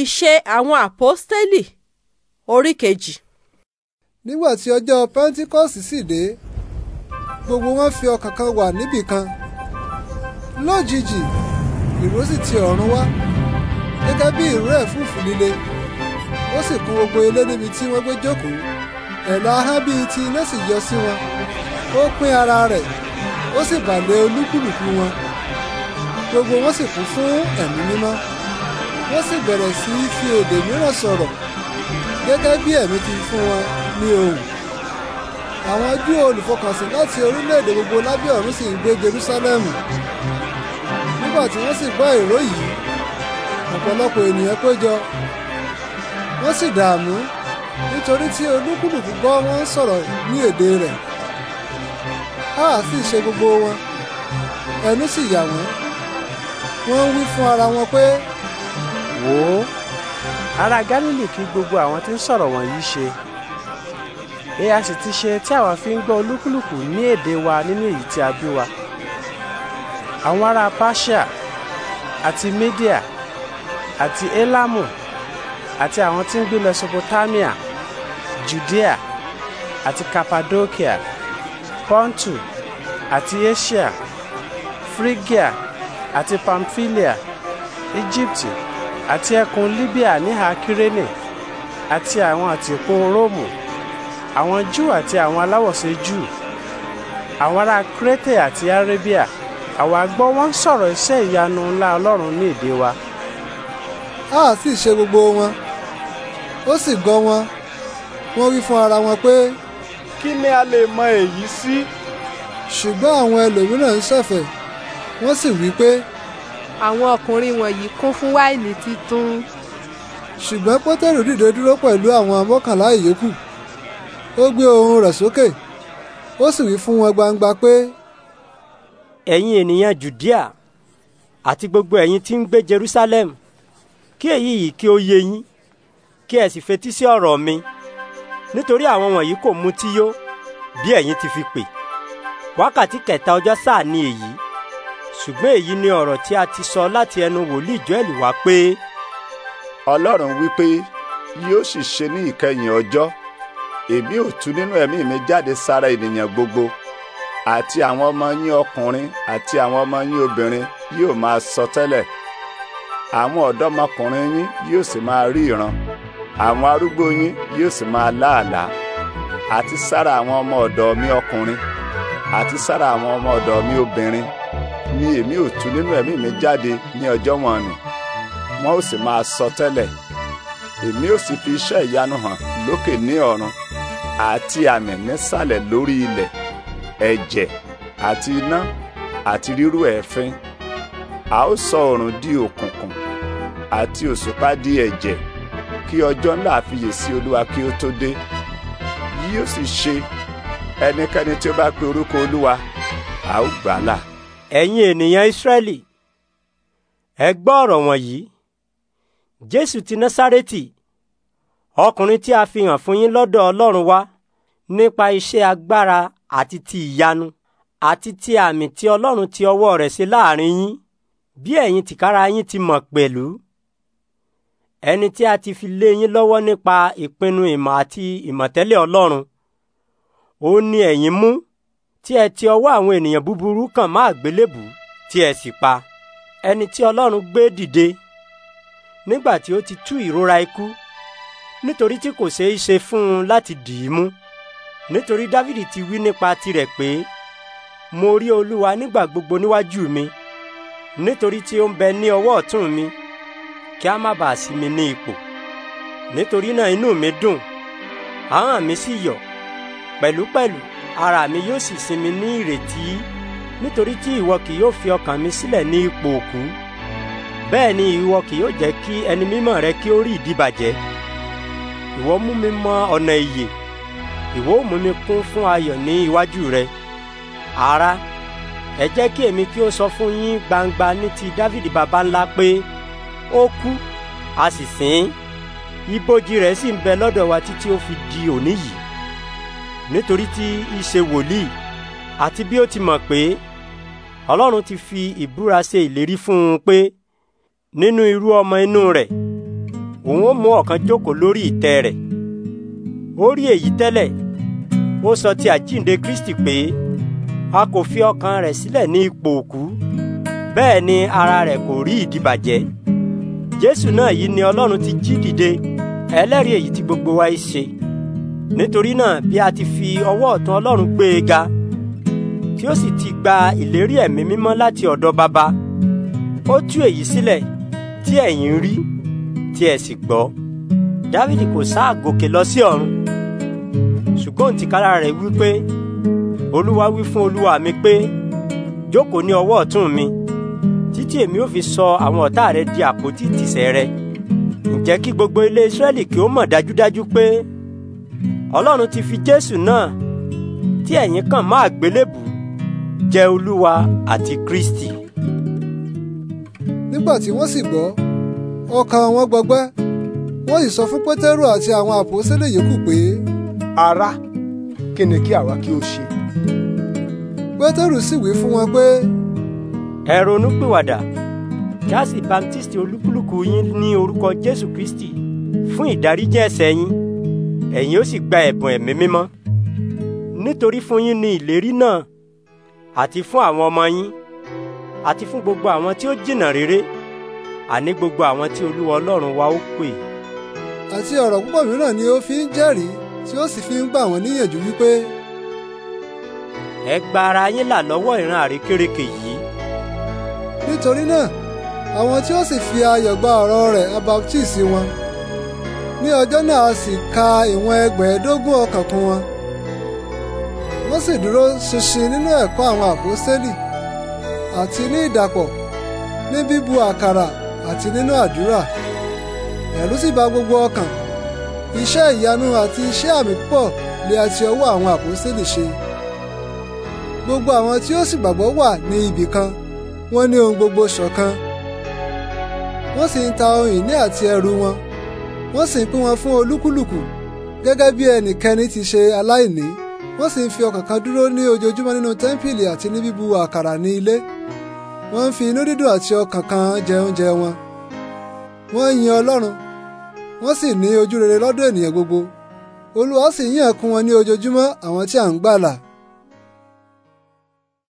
Ìṣe àwọn àpọ́stélì orí kejì. Nígbà tí ọjọ́ Pẹ́ńtíkọ́sì sì dé, gbogbo wọn fi ọkàn kan wà níbì kan. Lójijì, ìró sì ti ọ̀run wá, gẹ́gẹ́ bí ìró ẹ̀fúùfù líle. Ó sì kún gbogbo ilé níbi tí wọ́n gbé jókòó. Ẹ̀là ahọ́n bíi ti iná sì yọ sí wọn. Ó pín ara rẹ̀, ó sì bà lé olúkúlùkù wọn. Gbogbo wọn sì kún fún ẹ̀mí mímọ́ wọ́n sì bẹ̀rẹ̀ sí í fi èdè mìíràn sọ̀rọ̀ gẹ́gẹ́ bí ẹ̀mí ti fún wọn ní ohùn àwọn Júù olùfọkànsìn láti orílẹ̀-èdè gbogbo lábẹ́ ọ̀run sì ń gbé Jerúsálẹ́mù nígbà tí wọ́n sì gbọ́ ìró yìí ọ̀pọ̀lọpọ̀ ènìyàn péjọ wọ́n sì dààmú nítorí tí olúkúlùkù gbọ́ wọ́n ń sọ̀rọ̀ ní èdè rẹ̀ á sì ṣe gbogbo wọn ẹnu sì yà wọ́n wọ́n ń wí fún ara wọn pé wò ó ará Gálílì kí gbogbo àwọn tí ń sọ̀rọ̀ wọ̀nyí ṣe èyí a sì ti ṣe tí àwa fi ń gbọ́ olúkúlùkù ní èdè wa nínú èyí tí a bí wa àwọn ará Paṣíà àti Mídíà àti Élámù àti àwọn tí ń gbé Mesopotamia Judea àti Cappadocia Pontu àti Asia Phrygia àti Pamphylia Egypt àti ẹkùn libya níhà kírene àti àwọn àtìpó róòmù àwọn júù àti àwọn aláwọ̀ṣe júù àwọn ará kírètè àti arabia àwa gbọ́ wọ́n ń sọ̀rọ̀ iṣẹ́ ìyanu ńlá ọlọ́run ní èdè wa. a sì ṣe gbogbo wọn ó sì gọ́ wọn wọ́n wí fún ara wọn pé. kí ni a lè mọ èyí sí. ṣùgbọ́n àwọn ẹlòmíràn ń ṣẹ̀fẹ̀ wọ́n sì wí pé. Si àwọn ọkùnrin wọ̀nyí kún fún wáìnì títún. ṣùgbọ́n pétérù dìde dúró pẹ̀lú àwọn mọ́kànlá ìyókù ó gbé ohùn rẹ̀ sókè ó sì wí fún wọn gbangba pé. ẹ̀yin ènìyàn jùdíà àti gbogbo ẹ̀yin tí ń gbé jerusalem kí èyí yìí kí ó yé yín kí ẹ sì fetí sí ọ̀rọ̀ mi nítorí àwọn wọ̀nyí kò mutí yó bí ẹ̀yin ti fi pè wákàtí kẹta ọjọ́ sáà ni èyí ṣùgbọ́n èyí ni ọ̀rọ̀ tí a ti sọ láti ẹnu wòlíì Jóẹ́lì wá pé. Ọlọ́run wípé yóò sì ṣe ní ìkẹyìn ọjọ́ èmi ò tú nínú ẹ̀mí mi jáde sára ènìyàn gbogbo àti àwọn ọmọ yín ọkùnrin àti àwọn ọmọ yín obìnrin yóò máa sọtẹ́lẹ̀ àwọn ọ̀dọ́mọkùnrin yín yóò sì máa rí ìran àwọn arúgbó yín yóò sì máa láàlá àti sára àwọn ọmọ ọ̀dọ̀ mi ọkùnrin àti sára àwọn ọmọ ọ̀dọ̀ mi obìnrin ni èmi ò tú nínú ẹ̀mí mi jáde ní ọjọ́ wọn ni wọn ò sì máa sọ tẹ́lẹ̀ èmi ò sì fi iṣẹ́ ìyanu hàn lókè ní ọ̀run àti àmì nísàlẹ̀ lórí ilẹ̀ ẹ̀jẹ̀ àti iná àti rírú ẹ̀fín a ó sọ oòrùn di òkùnkùn àti òṣùpá di ẹ̀jẹ̀ kí ọjọ́ ńlá àfiyè sí olúwa kí ó tó dé yóò sì ṣe ẹnikẹ́ni tí ó bá pe orúkọ olúwa a ó gbà á là ẹ̀yin ènìyàn Ísírẹ́lì ẹ gbọ́ ọ̀rọ̀ wọ̀nyí Jésù ti Násárẹ́tì ọkùnrin tí a fi hàn fún yín lọ́dọ̀ Ọlọ́run wa nípa iṣẹ́ agbára àti ti ìyanu àti ti àmì tí Ọlọ́run ti ọwọ́ rẹ̀ ṣe láàrin yín bí ẹ̀yin tìkára yín ti mọ̀ pẹ̀lú ẹni tí a ti fi lé yín lọ́wọ́ nípa ìpinnu ìmọ̀ àti ìmọ̀tẹ́lẹ̀ Ọlọ́run ó ní ẹ̀yin mú tí ẹ ti ọwọ́ àwọn ènìyàn búburú kàn má àgbélébù tí ẹ sì pa ẹni tí Ọlọ́run gbé dìde nígbà tí ó ti tú ìrora ikú nítorí tí kò ṣeé ṣe fún un láti dì í mú nítorí Dávìdì ti wí nípa tirẹ̀ pé mo rí Olúwa nígbà gbogbo níwájú mi nítorí tí ó ń bẹ ní ọwọ́ ọ̀tún mi kí a má bàa sí mi ní ipò nítorí náà inú mi dùn ahọ́n mi sì yọ̀ pẹ̀lúpẹ̀lú. Pẹ̀lú ara mi yóò sì sinmi ní ìrètí nítorí tí ìwọ kì yóò fi ọkàn mi sílẹ̀ ní ipò òkú bẹ́ẹ̀ ni ìwọ kì yóò jẹ́ kí ẹni mímọ́ rẹ kí ó rí ìdíbàjẹ́ ìwọ mú mi mọ ọ̀nà ìyè ìwọ ó mú mi kún fún ayọ̀ ní iwájú rẹ ará ẹ jẹ́ kí èmi kí ó sọ fún yín gbangba ní ti dávidi baba ńlá pé ó kú a sì sìn ín ibojì rẹ̀ sì ń bẹ lọ́dọ̀ wa títí ó fi di òní yìí nítorí tí í ṣe wòlíì àti bí ó ti mọ̀ pé ọlọ́run ti fi ìbúra ṣe ìlérí fún un pé nínú irú ọmọ inú rẹ̀ òun ó mú ọ̀kan jókòó lórí ìtẹ́ rẹ̀ ó rí èyí tẹ́lẹ̀ ó sọ ti àjínde Kristi pé a kò fi ọkàn rẹ̀ sílẹ̀ ní ipò òkú bẹ́ẹ̀ ni ara rẹ̀ kò rí ìdìbàjẹ́ Jésù náà yìí ni ọlọ́run ti jí dìde ẹlẹ́rìí èyí tí gbogbo wa ṣe nítorí náà bí a ti fi ọwọ́ ọ̀tún Ọlọ́run gbé e ga tí ó sì ti gba ìlérí ẹ̀mí mímọ́ láti ọ̀dọ̀ baba ó tú èyí sílẹ̀ tí ẹ̀yin rí tí ẹ sì gbọ́ Dáfídì kò sáà gòkè lọ sí ọ̀run ṣùgbọ́n tìkára rẹ̀ wípé Olúwa wí fún Olúwa mi pé jókòó ní ọwọ́ ọ̀tún mi títí èmi ò fi sọ àwọn ọ̀tá rẹ di àpótí ìtìsẹ̀ rẹ ǹjẹ́ kí gbogbo ilé Ísírẹ́lì kí ó mọ̀ dájúdájú pé ọlọ́run ti fi jésù náà tí ẹ̀yin kàn máa gbélébù jẹ́ olúwa àti kristi. nígbà tí wọ́n sì gbọ́ ọkàn wọn gbọgbẹ́ wọ́n sì sọ fún pétérù àti àwọn àpòsílẹ̀ yòókù pé. ará kí ni kí àwa kí ó ṣe. pétérù sì wí fún wọn pé. ẹ ronú pìwàdà kí olúkúlùkù yín ní orúkọ jésù kristi fún ìdáríjì ẹ̀ṣẹ̀ yín ẹ̀yin ó sì gba ẹ̀bùn ẹ̀mí mímọ́ nítorí fún yín ni ìlérí náà àti fún àwọn ọmọ yín àti fún gbogbo àwọn tí ó jìnnà rere àní gbogbo àwọn tí olúwa ọlọ́run wa ó pè. àti ọ̀rọ̀ púpọ̀ mìíràn ni ó fi ń jẹ́rìí tí ó sì fi ń gbà wọ́n níyànjú wípé. ẹ gba ara yín là lọ́wọ́ ìran àrékérekè yìí. nítorí náà àwọn tí ó sì fi ayọ̀ gba ọ̀rọ̀ rẹ̀ abaptisi wọn. ní ọjọ́ náà a sì ka ìwọ̀n ẹgbẹ̀ẹ́dógún ọkàn kún wọn wọ́n sì dúró ṣinṣin nínú ẹ̀kọ́ àwọn àpọ́sẹ́lì àti ní ìdàpọ̀ ní bíbu àkàrà àti nínú àdúrà ẹ̀rù sì bà gbogbo ọkàn iṣẹ́ ìyanu àti iṣẹ́ àmì pọ̀ lè àti ọwọ́ àwọn àpọ́sẹ́lì ṣe gbogbo àwọn tí ó sì gbàgbọ́ wà ní ibì kan wọ́n ní ohun gbogbo ṣọ̀kan wọ́n sì ń ta ohun ìní àti ẹrù wọn wọ́n sì ń pín wọn fún olúkúlùkù gẹ́gẹ́ bí ẹnìkẹ́ni ti ṣe aláìní wọ́n sì ń fi ọkàn kan dúró ní ojoojúmọ́ nínú tẹ́ḿpìlì àti ní bíbu àkàrà ní ilé wọ́n ń fi inú dídùn àti ọkàn kan jẹ oúnjẹ wọn wọ́n yin ọlọ́run wọ́n sì ní ojú rere lọ́dọ̀ ènìyàn gbogbo olúwa sì yàn kún wọn ní ojoojúmọ́ àwọn tí à ń gbàlà